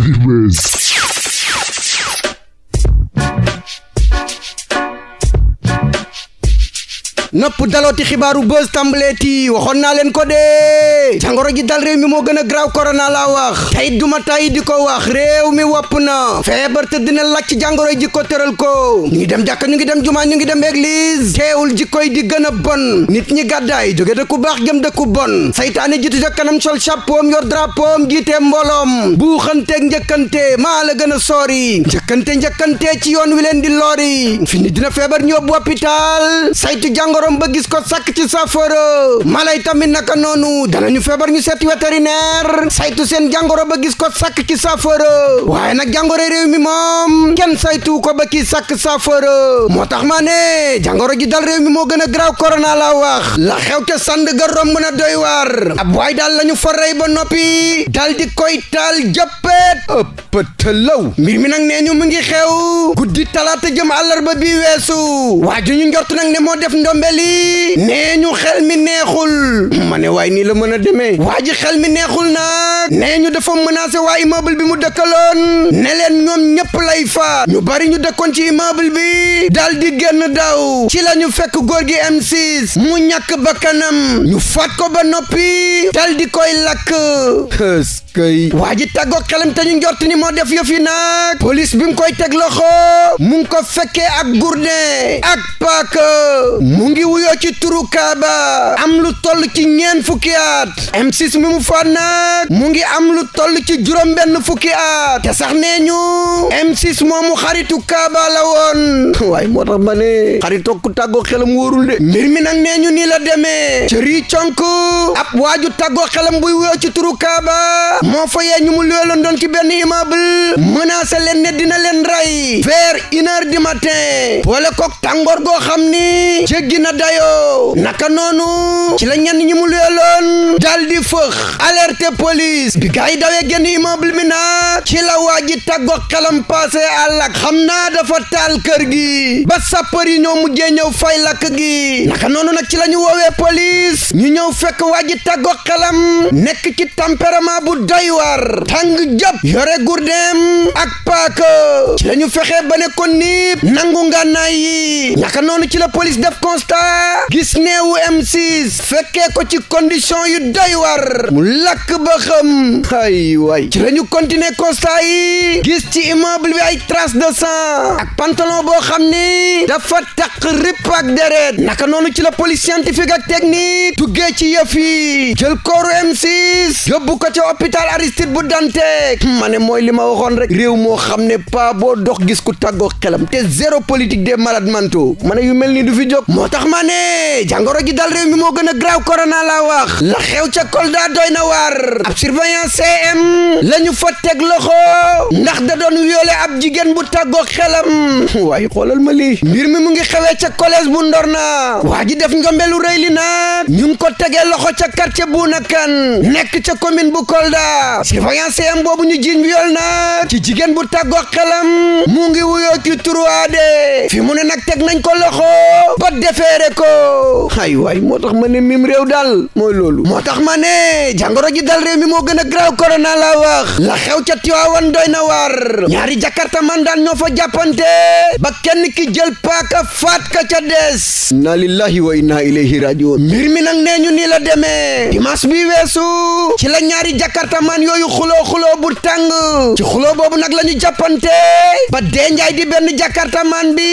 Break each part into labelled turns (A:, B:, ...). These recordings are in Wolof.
A: Heavy Mess. nopp dalooti xibaaru buzz tàmbaleeti waxoon naa leen ko dee jàngoro ji dal réew mi moo gën a graaw korona laa wax tey duma tàyyi di ko wax réew mi wopp na feebar te dina laaj ci jàngoro ji ko tëral ko ñu ngi dem jàkka ñu ngi dem jumaa ñu ngi dem église teewul ji koy di gën a bon nit ñi gàddaay jóge dëkku baax jëm dëkku bon saytaane ji ca kanam sol chapeau yor drapeau jiite mbooloom buuxanteeg njëkkante maa la gën a soori njëkkante njëkkante ci yoon wi leen di lori dina feebar ñu yóbbu hôpital saytu jàngoro borom ba gis ko sàkk ci saafara mala yi tamit naka noonu danañu feebar ñu seeti vétérinaire saytu seen jàngoro ba gis ko sàkk ci saafara waaye nag jàngoro réew mi moom kenn saytu ko ba kii sàkk saafara moo tax ma ne jàngoro ji dal réew mi moo gën a graaw corona la wax la xew te sànd ga romb na doy waar ab waay daal lañu fa rey ba noppi dal di koy taal jëppeet ëpp tëlaw mbir mi nag nee ñu mu ngi xew guddi talaata jëm àllarba bi weesu waa ju ñu njort nag lii nee ñu xel mi neexul ma ne waay nii la mën a demee waa ji xel mi neexul nag nee ñu dafa menacé waa immeuble bi mu dëkkaloon ne leen ñoom ñëpp lay faat ñu bari ñu dëkkoon ci immeuble bi dal di génn daw ci la ñu fekk góor gi M6 mu ñàkk bakkanam ñu faat ko ba noppi dal di koy lakk waa ji tàggoo xelam te ñu njort ni moo def yëf yi nag police bi mu koy teg loxo mu ngi ko fekkee ak gourdin ak paaka mu ngi ngi wuyoo ci turu Kaaba am lu toll ci ñeen fukki at M6 mi mu faat nag mu ngi am lu toll ci juróom benn fukki at te sax nee ñu M6 moomu xaritu Kaaba la woon waaye moo tax ma ne xaritoo ku tàggoo xelam wóorul de mbir nee ñu nii la demee cëri conk ab waaju taggoo xelam buy wuyoo ci turu Kaaba moo fa yee ñu mu luweloon doon ci benn immeuble menacé leen ne dina leen rey vers une heure du matin boole kook tàngoor goo xam ni jéggi na dayoo naka noonu ci la ñenn ñi mu luyeloon dal di fëx alerte police bi gaa yi dawee génn immeuble bi nag ci la waa ji tàggoo xelam passé àllak xam naa dafa taal kër gi ba sapeur yi ñoo mujjee ñëw fay lakk gi naka noonu nag ci lañu ñu woowee police ñu ñëw fekk waa ji tàggoo xelam nekk ci tempérament bu doy war tàng jàpp yore gurdem ak paaka ci la fexee ba ne ko niib nangu ngànnaay yi naka noonu ci la police def constat Fouta gis neewu M6 fekkee ko ci condition yu doy war mu lakk ba xam ay way ci lañu continuer constat yi gis ci immeuble bi ay trace de sang ak pantalon boo xam ni dafa taq ripp ak deret naka noonu ci la police scientifique ak technique tuggee ci yëf yi jël kooru M6 yóbbu ko ca hôpital Aristide bu Dantec ma mooy li ma waxoon rek réew moo xam ne pa boo dox gis ku tàggoo xelam te zéro politique des malades mentaux yu mel ni du fi jóg ma ne de jàngoro ji dal réew mi moo a graaw korona la wax la xew ca Kolda doy na waar ab surveillant CM la ñu fa teg loxo ndax da doon violé ab jigéen bu tàggoo xelam waaye xoolal ma mbir mi mu ngi xewee ca collège bu Ndorna waa def njombelu rëy li nag ñu ko tegee loxo ca quartier bu nakan nekk ca commune bu Kolda surveillant CM boobu ñu jiiñ viol nag ci jigéen bu tàggoo xelam mu ngi wuyoo ci 3 fi mu ne nag teg nañ ko loxo ba defeere yoo ay waay moo tax ma ne mim réew daal mooy loolu moo tax ma ne jàngoro ji dal réew mi moo gën a graaw korona laa wax la xew ca Tiwaawan na waar ñaari jakarta man daan ñoo fa jàppante ba kenn ki jël paaka faat ka ca des inna lillahi wa inna ilayhi rajiun mbir mi nag nee ñu nii la demee dimanche bi weesu ci la ñaari jakarta man yooyu xuloo xuloo bu tàng ci xuloo boobu nag la ñu jàppante ba dee njaay di benn jakarta man bi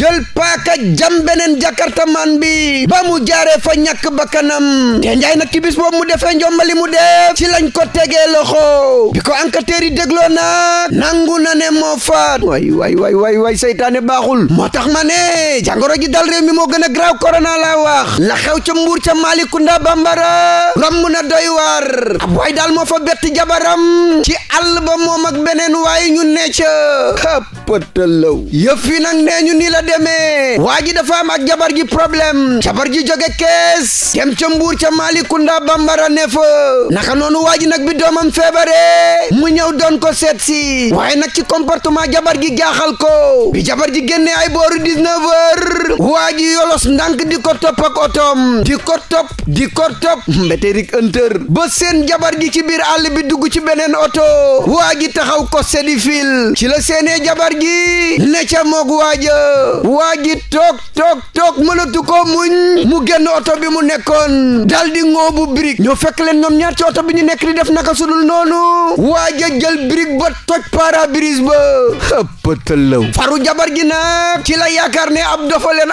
A: jël paaka jam beneen jakarta man yi ba mu jaaree fa ñàkk bakkanam te njaay nag ci bis boobu mu defee njombali mu def ci lañ ko tegee loxo bi ko enquêteur yi dégloo nag nangu na ne moo faat way way way way way seytaane baaxul moo tax ma ne jàngoro ji dal réew mi moo gën a graaw korona laa wax la xew ca mbuur ca maalikunda bambara romb na doy war ab waay daal moo fa bett jabaram ci àll ba moom ak beneen waaye ñu pëtalaw yëf yi nag nee ñu ni la demee waa ji dafa am ak jabar ji problème jabar ji jóge kees dem ca mbuur ca maalikunda bambara ne naka noonu waa ji nag bi doomam feebaree mu ñëw doon ko seet si waaye nag ci comportement jabar gi jaaxal ko bi jabar ji génnee ay booru 19 heures waa ji yolos ndànk di ko topp ak otoom di ko topp di ko topp mbétérik ëntër ba jabar gi ci biir àll bi dugg ci beneen oto waa ji taxaw ko sedi fil ci la jabar góor gi ne ca moog waa ji toog toog toog mënatu ko muñ mu génn oto bi mu nekkoon daldi di ngoobu birig ñoo fekk leen ñoom ñaar ci bi ñu nekk di def naka sudul noonu waaja jël birig ba toj para brise ba pëtëlëw faru jabar gi nag ci la yaakaar ne ab dafa leen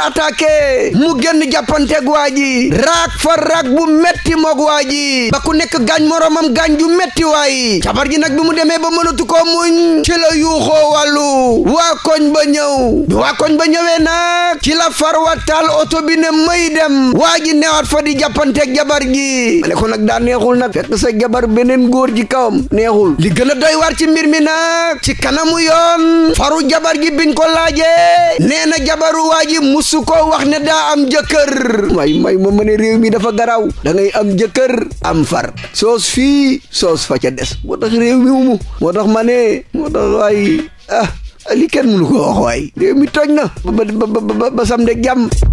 A: mu génn jàppanteeg waa ji raak fa raak bu metti moog waa ji ba ku nekk gaañ moroomam gaañ ju metti waayi jabar gi nag bi mu demee ba mënatu ko muñ ci la yuuxoo wàllu waa koñ ba ñëw bi waa koñ ba ñëwee nag ci la farwa taal oto bi ne may dem waa ji newaat fa di jàppanteeg jabar gi ma ne nag daa neexul nag fekk sa jabar beneen góor ji kawam neexul li gën a doy waar ci mbir mi nag ci kanamu faru jabar gi biñ ko laajee nee na jabaru waa ji musu koo wax ne daa am jëkkër may may ma ne réew mi dafa garaw da ngay am jëkkër am far soos fii soos fa ca des moo tax réew mi umu moo tax ma moo tax ah li kenn mënu ko wax waay réew mi toj na ba ba ba ba sam de